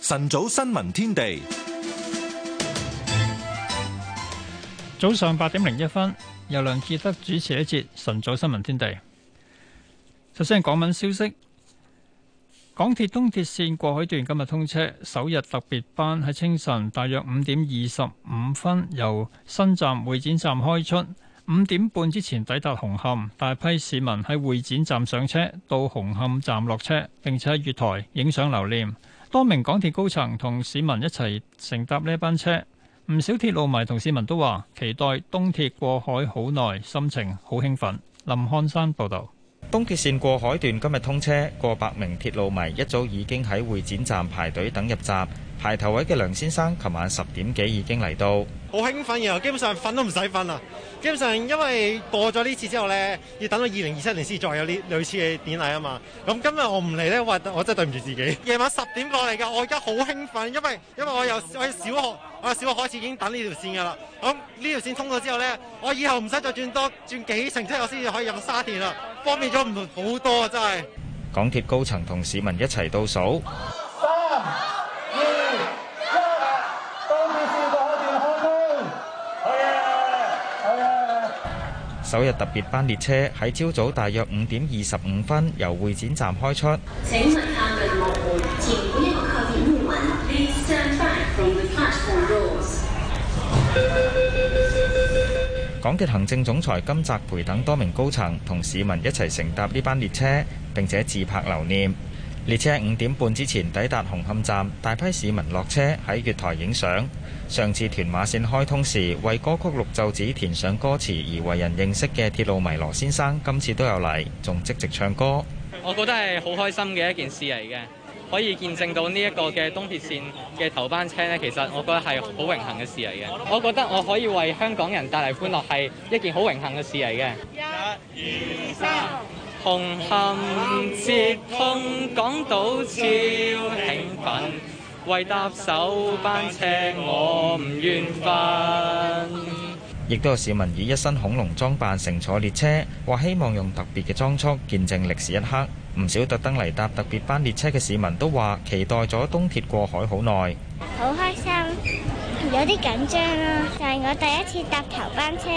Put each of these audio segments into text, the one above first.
晨早新聞天地，早上八點零一分，由梁杰德主持一節晨早新聞天地。首先係港聞消息，港鐵東鐵綫過海段今日通車首日特別班喺清晨大約五點二十五分由新站會展站開出，五點半之前抵達紅磡。大批市民喺會展站上車，到紅磡站落車，並且喺月台影相留念。多名港鐵高層同市民一齊乘搭呢一班車，唔少鐵路迷同市民都話期待東鐵過海好耐，心情好興奮。林漢山報道：東鐵線過海段今日通車，過百名鐵路迷一早已經喺會展站排隊等入閘。排頭位嘅梁先生，琴晚十點幾已經嚟到，好興奮，然後基本上瞓都唔使瞓啦。基本上因為過咗呢次之後咧，要等到二零二七年先再有呢類似嘅典禮啊嘛。咁今日我唔嚟咧，我真係對唔住自己。夜晚十點過嚟㗎，我而家好興奮，因為因為我由我小學我小學開始已經等呢條線㗎啦。咁呢條線通咗之後咧，我以後唔使再轉多轉幾程車，我先至可以入沙田啦。方便咗唔好多啊，真係。港鐵高層同市民一齊倒數。首日特別班列車喺朝早大約五點二十五分由會展站開出。港鐵行政總裁金澤培等多名高層同市民一齊乘搭呢班列車，並且自拍留念。列車喺五點半之前抵達紅磡站，大批市民落車喺月台影相。上次屯馬線開通時，為歌曲《綠袖子》填上歌詞而為人認識嘅鐵路迷羅先生，今次都有嚟，仲積極唱歌。我覺得係好開心嘅一件事嚟嘅，可以見證到呢一個嘅東鐵線嘅頭班車呢，其實我覺得係好榮幸嘅事嚟嘅。我覺得我可以為香港人帶嚟歡樂，係一件好榮幸嘅事嚟嘅。一、二、三。同行紅磡接駁港島超興奮，為搭首班車我唔願瞓。亦都有市民以一身恐龍裝扮乘坐列車，話希望用特別嘅裝束見證歷史一刻。唔少特登嚟搭特別班列車嘅市民都話，期待咗東鐵過海好耐。好開心，有啲緊張啊，就係我第一次搭頭班車，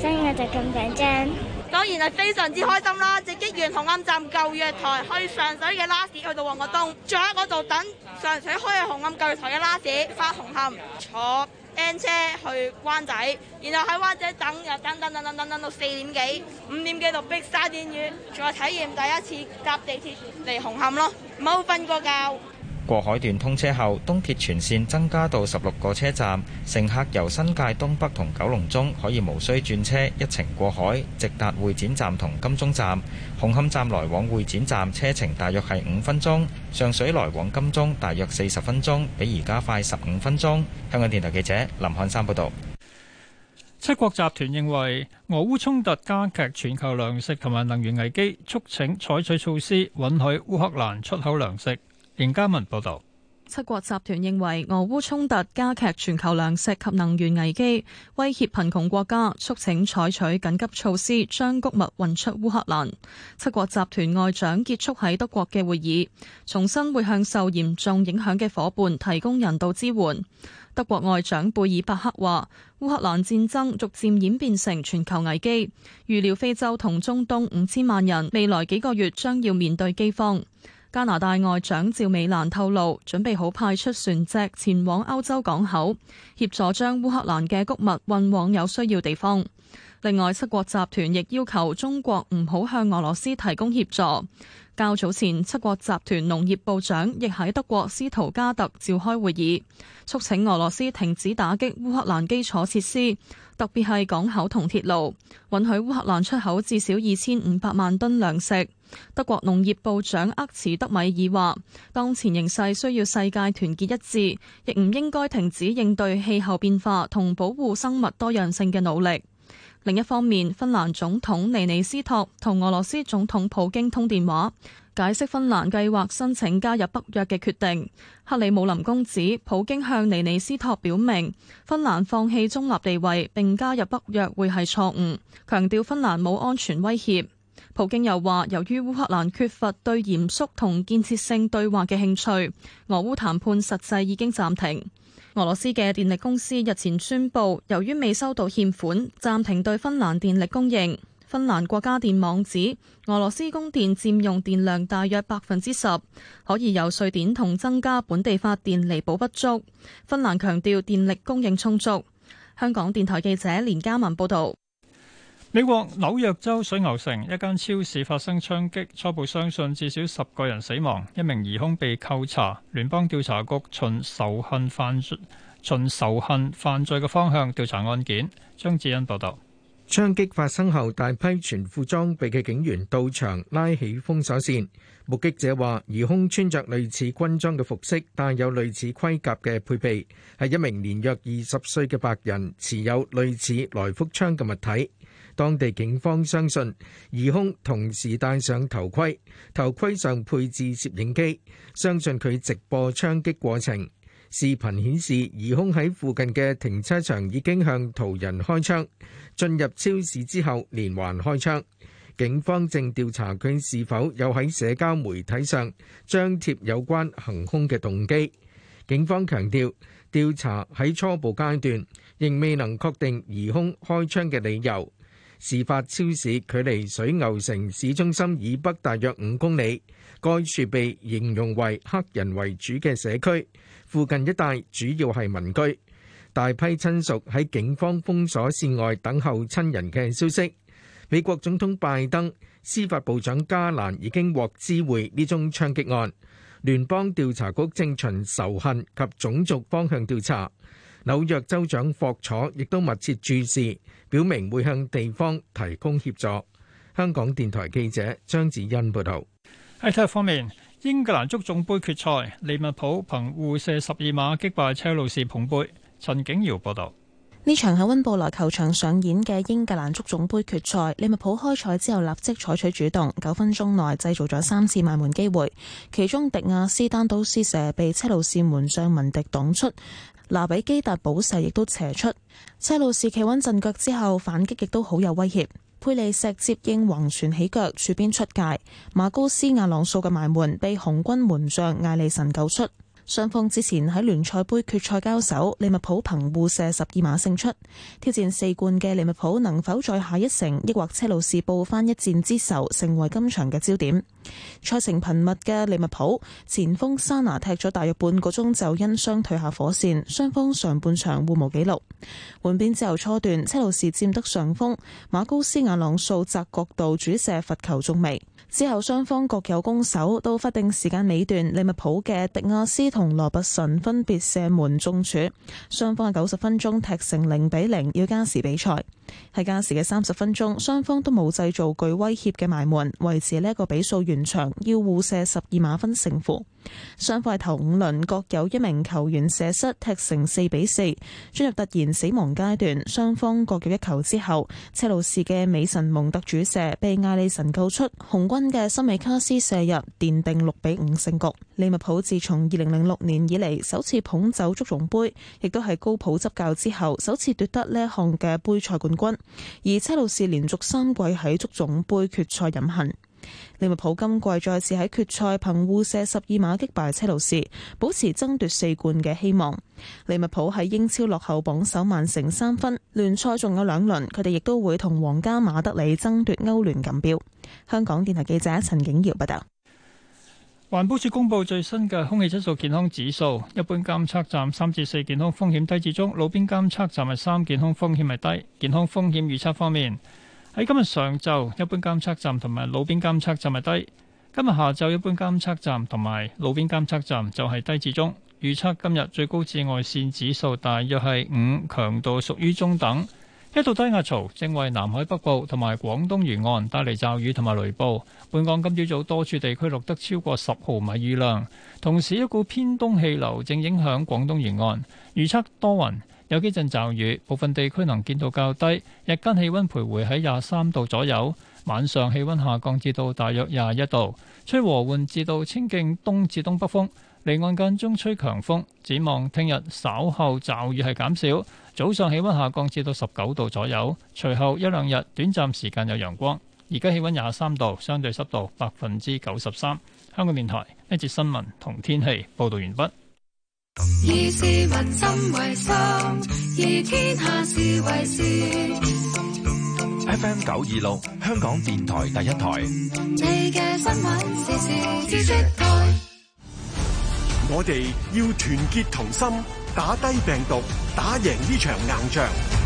所以我就咁緊張。當然係非常之開心啦！直擊完紅磡站舊月台，去上水嘅拉斯去到旺角東，仲喺嗰度等上水開嘅紅磡舊月台嘅拉斯返紅磡，坐 N 車去灣仔，然後喺灣仔等又等等等等等等到四點幾、五點幾度逼沙甸魚，仲話體驗第一次搭地鐵嚟紅磡咯，冇瞓過覺。過海段通車後，東鐵全線增加到十六個車站，乘客由新界東北同九龍中可以無需轉車一程過海，直達會展站同金鐘站。紅磡站來往會展站車程大約係五分鐘，上水來往金鐘大約四十分鐘，比而家快十五分鐘。香港電台記者林漢山報導。七國集團認為俄烏衝突加劇，全球糧食同埋能源危機，促請採取措施，允許烏克蘭出口糧食。連家文報道，七國集團認為俄烏衝突加劇，全球糧食及能源危機，威脅貧窮國家，促請採取緊急措施，將穀物運出烏克蘭。七國集團外長結束喺德國嘅會議，重申會向受嚴重影響嘅夥伴提供人道支援。德國外長貝爾伯克話：烏克蘭戰爭逐漸演變成全球危機，預料非洲同中東五千萬人未來幾個月將要面對饑荒。加拿大外長趙美蘭透露，準備好派出船隻前往歐洲港口，協助將烏克蘭嘅谷物運往有需要地方。另外，七國集團亦要求中國唔好向俄羅斯提供協助。較早前，七國集團農業部長亦喺德國斯圖加特召開會議，促請俄羅斯停止打擊烏克蘭基礎設施。特別係港口同鐵路，允許烏克蘭出口至少二千五百萬噸糧食。德國農業部長厄茨德米爾話，當前形勢需要世界團結一致，亦唔應該停止應對氣候變化同保護生物多樣性嘅努力。另一方面，芬蘭總統尼尼斯托同俄羅斯總統普京通電話，解釋芬蘭計劃申請加入北約嘅決定。克里姆林宮指，普京向尼尼斯托表明，芬蘭放棄中立地位並加入北約會係錯誤，強調芬蘭冇安全威脅。普京又話，由於烏克蘭缺乏對嚴肅同建設性對話嘅興趣，俄烏談判實際已經暫停。俄羅斯嘅電力公司日前宣布，由於未收到欠款，暫停對芬蘭電力供應。芬蘭國家電網指，俄羅斯供電佔用電量大約百分之十，可以由瑞典同增加本地發電彌補不足。芬蘭強調電力供應充足。香港電台記者連嘉文報道。美國紐約州水牛城一間超市發生槍擊，初步相信至少十個人死亡，一名疑凶被扣查。聯邦調查局循仇恨犯罪循仇恨犯罪嘅方向調查案件。張智恩報道，槍擊發生後，大批全副裝備嘅警員到場拉起封鎖線。目擊者話，疑凶穿着類似軍裝嘅服飾，帶有類似盔甲嘅配備，係一名年約二十歲嘅白人，持有類似來福槍嘅物體。當地警方相信疑兇同時戴上頭盔，頭盔上配置攝影機，相信佢直播槍擊過程。視頻顯示疑兇喺附近嘅停車場已經向途人開槍，進入超市之後連環開槍。警方正調查佢是否有喺社交媒體上張貼有關行兇嘅動機。警方強調，調查喺初步階段，仍未能確定疑兇開槍嘅理由。事發超市距離水牛城市中心以北大約五公里，該處被形容為黑人為主嘅社區，附近一帶主要係民居。大批親屬喺警方封鎖線外等候親人嘅消息。美國總統拜登、司法部長加蘭已經獲知會呢宗槍擊案，聯邦調查局正循仇恨及種族方向調查。紐約州長霍楚亦都密切注視，表明會向地方提供協助。香港電台記者張子欣報道。喺體育方面，英格蘭足總杯決賽，利物浦憑互射十二碼擊敗車路士捧杯。陳景瑤報道。呢場喺溫布萊球場上演嘅英格蘭足總杯決賽，利物浦開賽之後立即採取主動，九分鐘內製造咗三次埋門機會，其中迪亞斯單刀施射被車路士門將文迪擋出，拿比基達補射亦都斜出，車路士企穩陣腳之後反擊亦都好有威脅，佩利石接應橫傳起腳處邊出界，馬高斯亞朗素嘅埋門被紅軍門將艾利臣救出。雙方之前喺聯賽盃決賽交手，利物浦憑互射十二碼勝出。挑戰四冠嘅利物浦能否在下一城，抑或車路士報返一戰之仇，成為今場嘅焦點。賽程頻密嘅利物浦前鋒沙拿踢咗大約半個鐘就因傷退下火線，雙方上半場互無紀錄。換邊之後初段，車路士佔得上風，馬高斯亞朗素窄角度主射罰球中楣。之後雙方各有攻守，到法定時間尾段，利物浦嘅迪亞斯同羅拔臣分別射門中柱，雙方喺九十分鐘踢成零比零，要加時比賽。喺加時嘅三十分鐘，雙方都冇製造具威脅嘅埋門，維持呢一個比數完場，要互射十二碼分勝負。雙方喺頭五輪各有一名球員射失，踢成四比四。進入突然死亡階段，雙方各入一球之後，車路士嘅美神蒙特主射被艾利臣救出，紅軍嘅森美卡斯射入奠定六比五勝局。利物浦自從二零零六年以嚟首次捧走足總盃，亦都係高普執教之後首次奪得呢一項嘅杯賽冠軍。而車路士連續三季喺足總盃決賽飲恨，利物浦今季再次喺決賽憑互射十二碼擊敗車路士，保持爭奪四冠嘅希望。利物浦喺英超落後榜首曼城三分，聯賽仲有兩輪，佢哋亦都會同皇家馬德里爭奪歐聯錦標。香港電台記者陳景堯報道。環保署公布最新嘅空氣質素健康指數，一般監測站三至四，健康風險低至中，路邊監測站係三，健康風險係低。健康風險預測方面，喺今日上晝，一般監測站同埋路邊監測站係低；今日下晝，一般監測站同埋路邊監測站就係低至中。預測今日最高紫外線指數大約係五，強度屬於中等。一度低壓槽正為南海北部同埋廣東沿岸帶嚟驟雨同埋雷暴。本港今朝早多處地區錄得超過十毫米雨量。同時，一股偏東氣流正影響廣東沿岸，預測多雲，有幾陣驟雨，部分地區能見度較低。日間氣温徘徊喺廿三度左右，晚上氣温下降至到大約廿一度。吹和緩至到清勁東至東北風，離岸間中吹強風。展望聽日稍後驟雨係減少。早上氣溫下降至到十九度左右，隨後一兩日短暫時間有陽光。而家氣溫廿三度，相對濕度百分之九十三。香港電台一節新聞同天氣報道完畢。以市民心為心，以天下事為事。 F M 九二六，香港電台第一台。你嘅新聞時事知識台，我哋要團結同心。打低病毒，打贏呢場硬仗。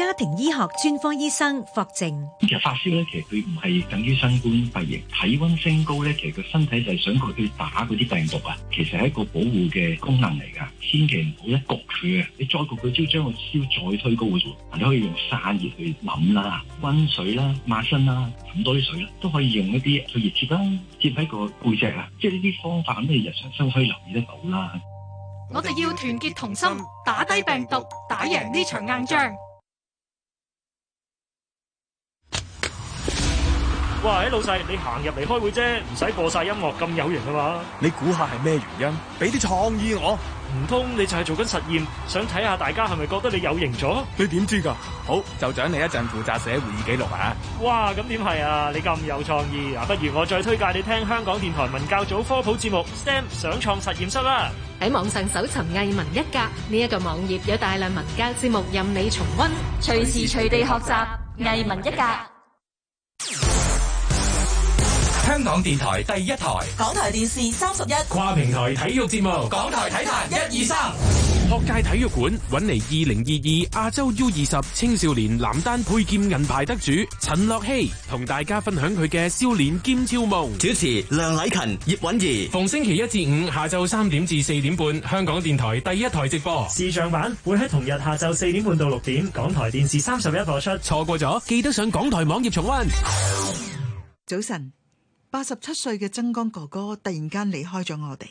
家庭醫學專科醫生霍靜，其實發燒咧，其實佢唔係等於新冠肺炎。體溫升高咧，其實個身體就係想佢去打嗰啲病毒啊，其實係一個保護嘅功能嚟噶，千祈唔好一焗佢啊，你再焗佢，只要將個燒再推高嘅，你可以用散熱去冧啦，溫水啦，抹身啦，飲多啲水啦，都可以用一啲退熱貼啦，貼喺個背脊啊，即係呢啲方法咁，你日常生活都可以留意得到啦。我哋要團結同心，打低病毒，打贏呢場硬仗。哇！喂老細，你行入嚟開會啫，唔使播晒音樂咁有型啊嘛！你估下係咩原因？俾啲創意我，唔通你就係做緊實驗，想睇下大家係咪覺得你有型咗？你點知㗎？好，就獎你一陣負責寫會議記錄啊！哇！咁點係啊？你咁有創意啊！不如我再推介你聽香港電台文教組科普節目 STEM 想創實驗室啦！喺網上搜尋藝文一格呢一個網頁，有大量文教節目任你重溫，隨時隨地學習藝文一格。香港電台第一台，港台電視三十一，跨平台體育節目，港台體壇一二三，1 1, 2, 學界體育館揾嚟二零二二亞洲 U 二十青少年男單佩劍銀牌得主陳樂希，同大家分享佢嘅少年兼超夢主持梁禮勤、葉允儀，逢星期一至五下晝三點至四點半，香港電台第一台直播視像版會喺同日下晝四點半到六點，港台電視三十一播出，錯過咗記得上港台網頁重温。早晨。八十七歲嘅曾江哥哥突然間離開咗我哋，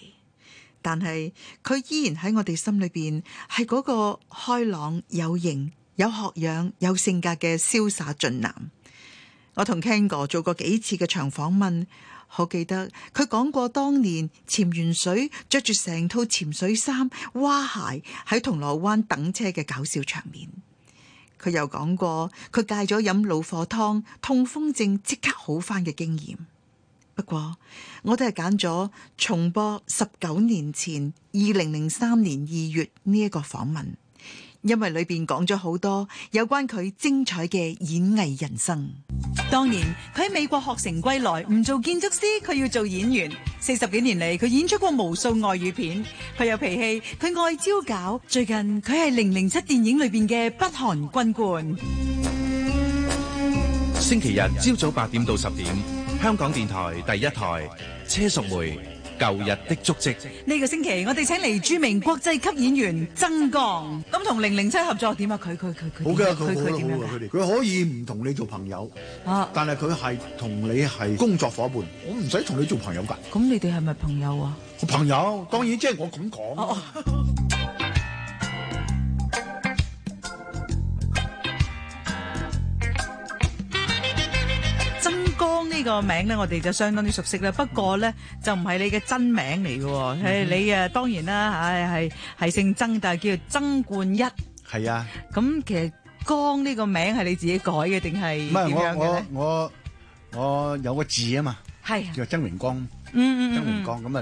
但係佢依然喺我哋心裏邊係嗰個開朗、有型、有學養、有性格嘅瀟灑俊男。我同 Ken 哥做過幾次嘅長訪問，好記得佢講過當年潛完水着住成套潛水衫、蛙鞋喺銅鑼灣等車嘅搞笑場面。佢又講過佢戒咗飲老火湯，痛風症即刻好翻嘅經驗。不過我都係揀咗重播十九年前二零零三年二月呢一個訪問，因為裏邊講咗好多有關佢精彩嘅演藝人生。當年佢喺美國學成歸來，唔做建築師，佢要做演員。四十幾年嚟，佢演出過無數外語片。佢有脾氣，佢愛招搞。最近佢係《零零七》電影裏邊嘅北韓軍官。星期日朝早八點到十點。香港電台第一台，車淑梅，舊日的足跡。呢個星期我哋請嚟著名國際級演員曾江，咁同零零七合作點啊？佢佢佢佢佢佢點啊？佢、啊、可以唔同你做朋友，啊、但係佢係同你係工作伙伴，我唔使同你做朋友噶咁、啊、你哋係咪朋友啊？朋友，當然即係我咁講。啊 江呢個名咧，我哋就相當之熟悉啦。不過咧，就唔係你嘅真名嚟嘅。誒，你啊，當然啦，係係係姓曾，但係叫曾冠一。係啊。咁其實江呢個名係你自己改嘅定係點樣嘅咧？我我我我有個字啊嘛，係叫曾榮光。嗯嗯。曾榮光咁啊。